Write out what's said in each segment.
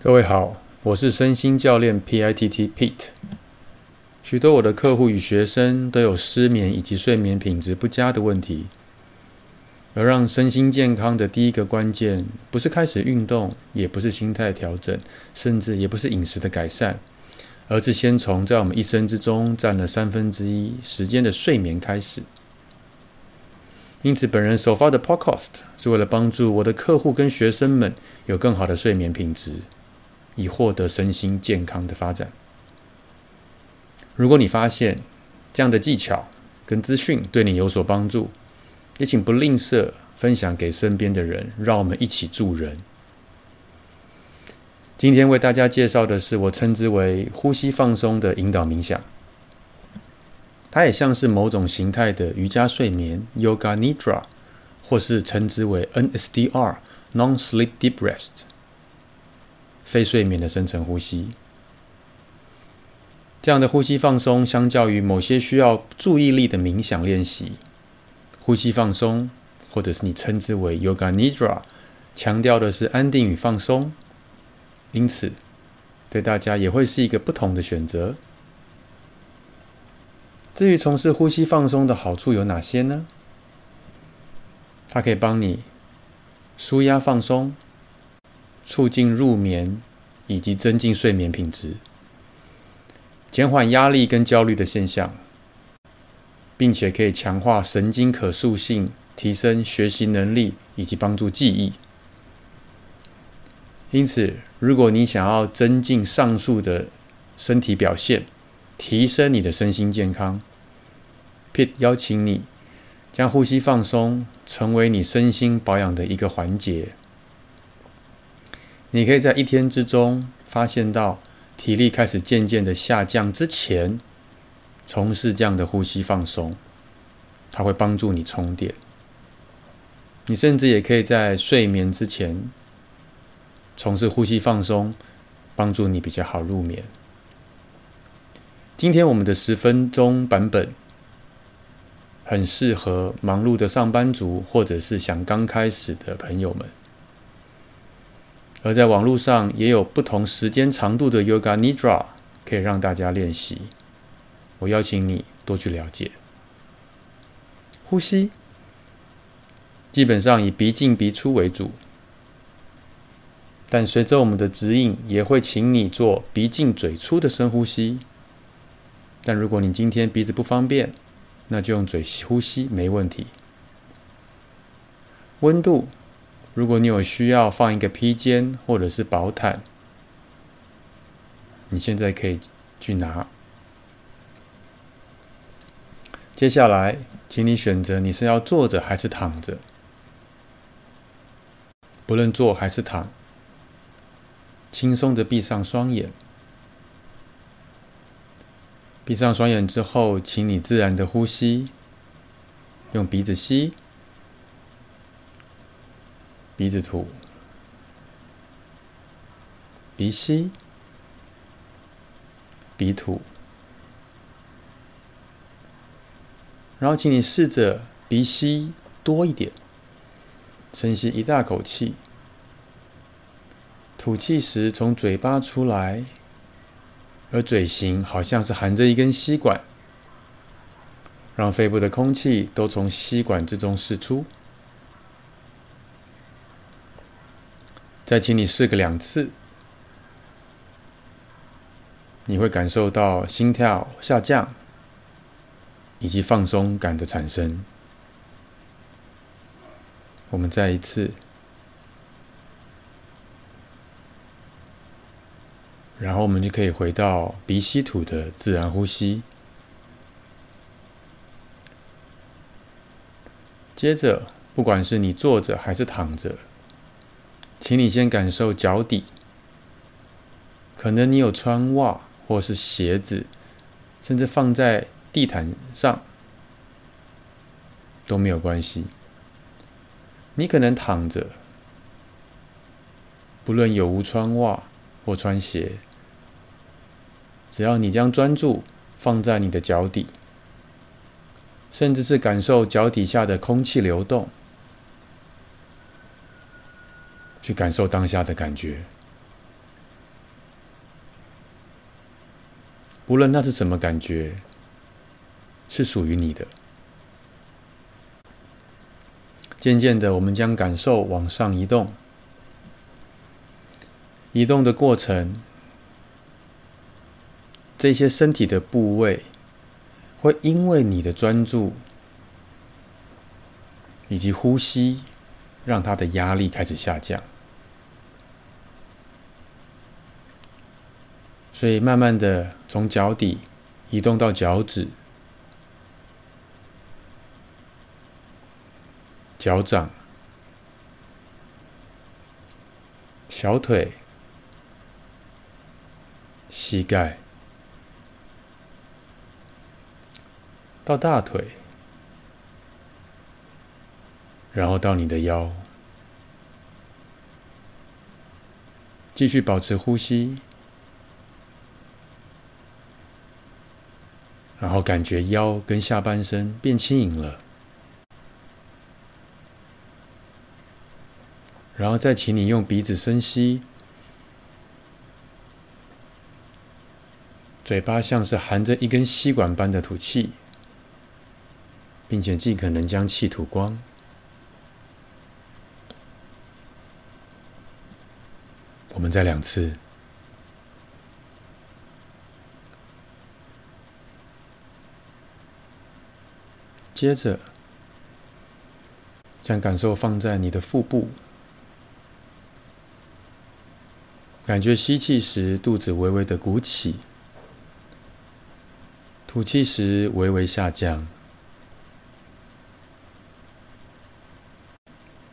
各位好，我是身心教練 P I T T Pitt。許多我的客戶與學生都有失眠以及睡眠品質不佳的問題，而讓身心健康的第一個關鍵，不是開始運動，也不是心態調整，甚至也不是飲食的改善，而是先從在我們一生之中占了三分之一時間的睡眠開始。因此，本人首發的 Podcast 是為了幫助我的客戶跟學生們有更好的睡眠品質。以獲得身心健康的發展。如果你發現這樣的技巧跟資訊對你有所幫助，也請不吝嗇分享給身邊的人，讓我們一起助人。今天為大家介紹的是我稱之為呼吸放鬆的引導冥想，它也像是某種形態的瑜伽睡眠 （Yoga Nidra） 或是稱之為 NSDR（Non-Sleep Deep Rest）。非睡眠的深層呼吸，這樣的呼吸放鬆，相較於某些需要注意力的冥想練習，呼吸放鬆，或者是你稱之為 Yoga Nidra，強調的是安定與放鬆，因此對大家也會是一個不同的選擇。至於從事呼吸放鬆的好處有哪些呢？它可以幫你舒壓放鬆，促進入眠。以及增進睡眠品質，減緩壓力跟焦慮的現象，並且可以強化神經可塑性，提升學習能力以及幫助記憶。因此，如果你想要增進上述的身體表現，提升你的身心健康，Pitt 邀請你將呼吸放鬆成為你身心保養的一個環節。你可以在一天之中發現到體力開始漸漸的下降之前，從事這樣的呼吸放鬆，它會幫助你充電。你甚至也可以在睡眠之前從事呼吸放鬆，幫助你比較好入眠。今天我們的十分鐘版本很適合忙碌的上班族，或者是想剛開始的朋友們。而在網絡上也有不同時間長度的 Yoga Nidra 可以讓大家練習。我邀請你多去了解。呼吸基本上以鼻進鼻出為主，但隨着我們的指引，也會請你做鼻進嘴出的深呼吸。但如果你今天鼻子不方便，那就用嘴呼吸沒問題。溫度。如果你有需要放一個披肩或者是薄毯，你現在可以去拿。接下來，請你選擇你是要坐着還是躺着。不論坐還是躺，輕鬆的閉上雙眼。閉上雙眼之後，請你自然的呼吸，用鼻子吸。鼻子吐，鼻吸，鼻吐，然後請你試着鼻吸多一點，深吸一大口氣，吐氣時從嘴巴出來，而嘴型好像是含着一根吸管，讓肺部的空氣都從吸管之中釋出。再請你試個兩次，你會感受到心跳下降以及放鬆感的產生。我們再一次，然後我們就可以回到鼻吸吐的自然呼吸。接着，不管是你坐着還是躺着。請你先感受腳底，可能你有穿襪或是鞋子，甚至放在地毯上都沒有關係。你可能躺着，不論有無穿襪或穿鞋，只要你將專注放在你的腳底，甚至是感受腳底下的空氣流動。去感受當下的感覺，不論那是什麼感覺，是屬於你的。漸漸的，我們將感受往上移動，移動的過程，這些身體的部位會因為你的專注以及呼吸，讓它的壓力開始下降。所以，慢慢的從腳底移動到腳趾、腳掌、小腿、膝蓋，到大腿，然後到你的腰，繼續保持呼吸。然後感覺腰跟下半身變輕盈了，然後再請你用鼻子深吸，嘴巴像是含着一根吸管般的吐氣，並且盡可能將氣吐光。我們再兩次。接着，將感受放在你的腹部，感覺吸氣時肚子微微的鼓起，吐氣時微微下降，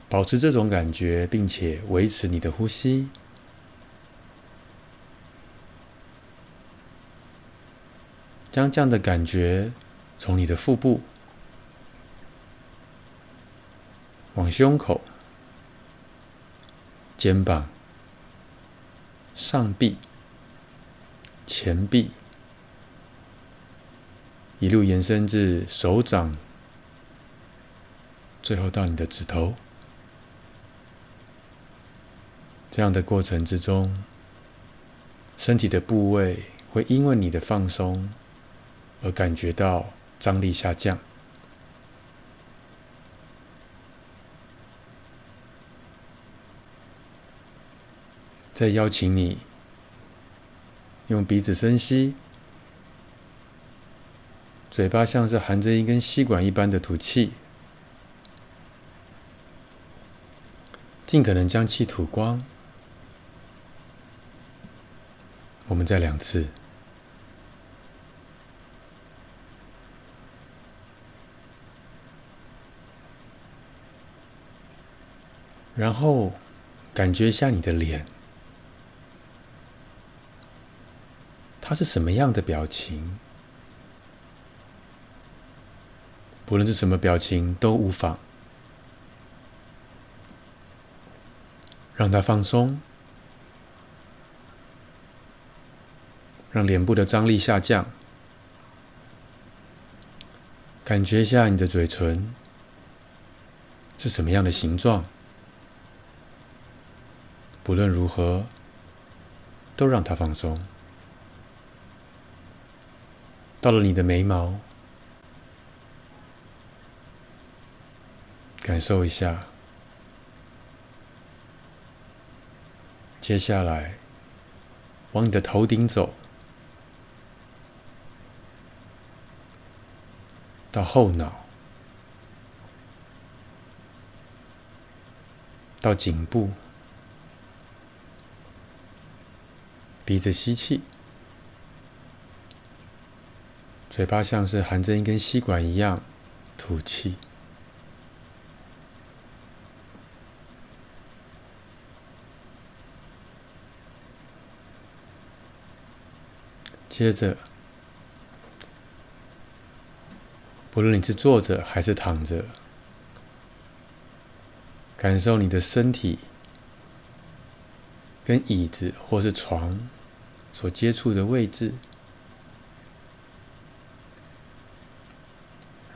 保持這種感覺，並且維持你的呼吸，將這樣的感覺從你的腹部。往胸口、肩膀、上臂、前臂，一路延伸至手掌，最後到你的指頭。這樣的過程之中，身體的部位會因為你的放鬆而感覺到張力下降。再邀請你用鼻子深吸，嘴巴像是含着一根吸管一般的吐氣，盡可能將氣吐光。我們再兩次，然後感覺一下你的臉。它是什麼樣的表情？不論是什麼表情都無妨，讓它放鬆，讓臉部的張力下降，感覺一下你的嘴唇是什麼樣的形狀。不論如何，都讓它放鬆。到了你的眉毛，感受一下。接下來，往你的頭頂走，到後腦，到頸部，鼻子吸氣。嘴巴像是含着一根吸管一樣吐氣。接着，不論你是坐着還是躺着，感受你的身體跟椅子或是床所接觸的位置。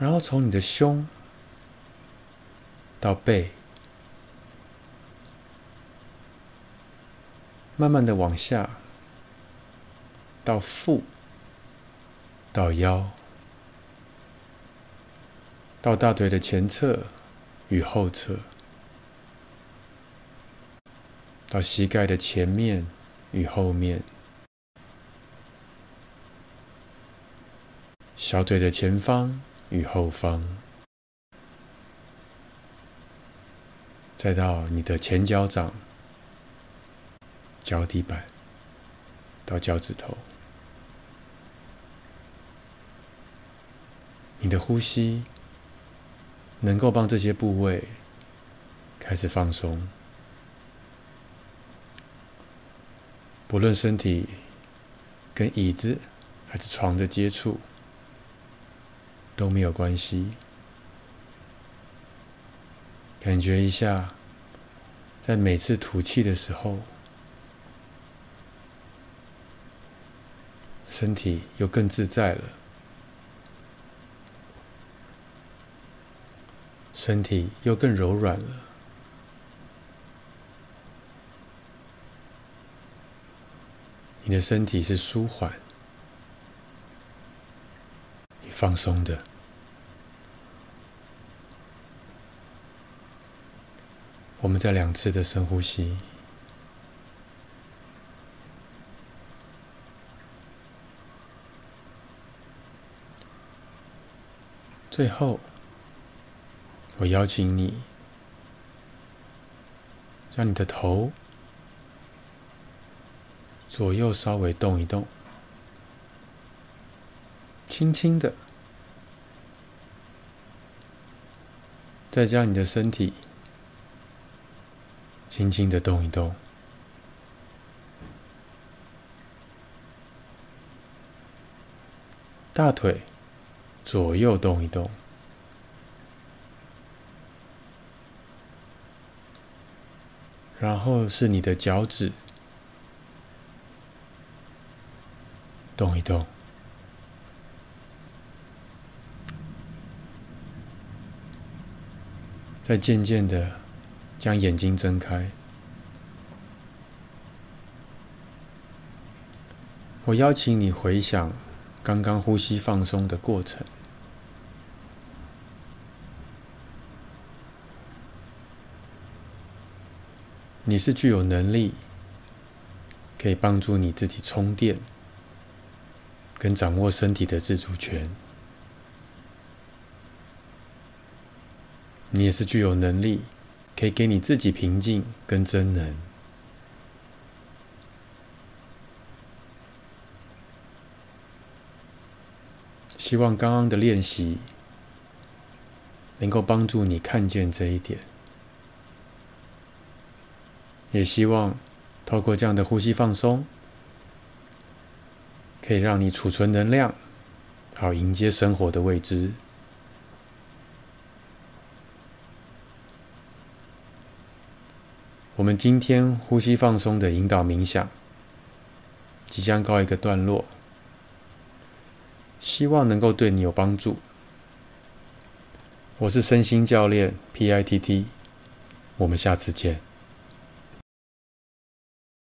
然後從你的胸到背，慢慢的往下，到腹，到腰，到大腿的前側與後側，到膝蓋的前面與後面，小腿的前方。與後方，再到你的前腳掌、腳底板，到腳趾頭，你的呼吸能夠幫這些部位開始放鬆，不論身體跟椅子還是床的接觸。都沒有關係，感覺一下，在每次吐氣的時候，身體又更自在了，身體又更柔軟了。你的身體是舒緩、你放鬆的。我們再兩次的深呼吸，最後，我邀請你，讓你的頭左右稍微動一動，輕輕的，再將你的身體。輕輕地動一動大腿，左右動一動，然後是你的腳趾，動一動，再漸漸的。將眼睛睜開。我邀請你回想剛剛呼吸放鬆的過程。你是具有能力，可以幫助你自己充電，跟掌握身體的自主權。你也是具有能力。可以給你自己平靜跟真能。希望剛剛的練習能夠幫助你看見這一點，也希望透過這樣的呼吸放鬆，可以讓你儲存能量，好迎接生活的未知。我們今天呼吸放鬆的引導冥想即將告一個段落，希望能夠對你有幫助。我是身心教練 Pitt，我們下次見。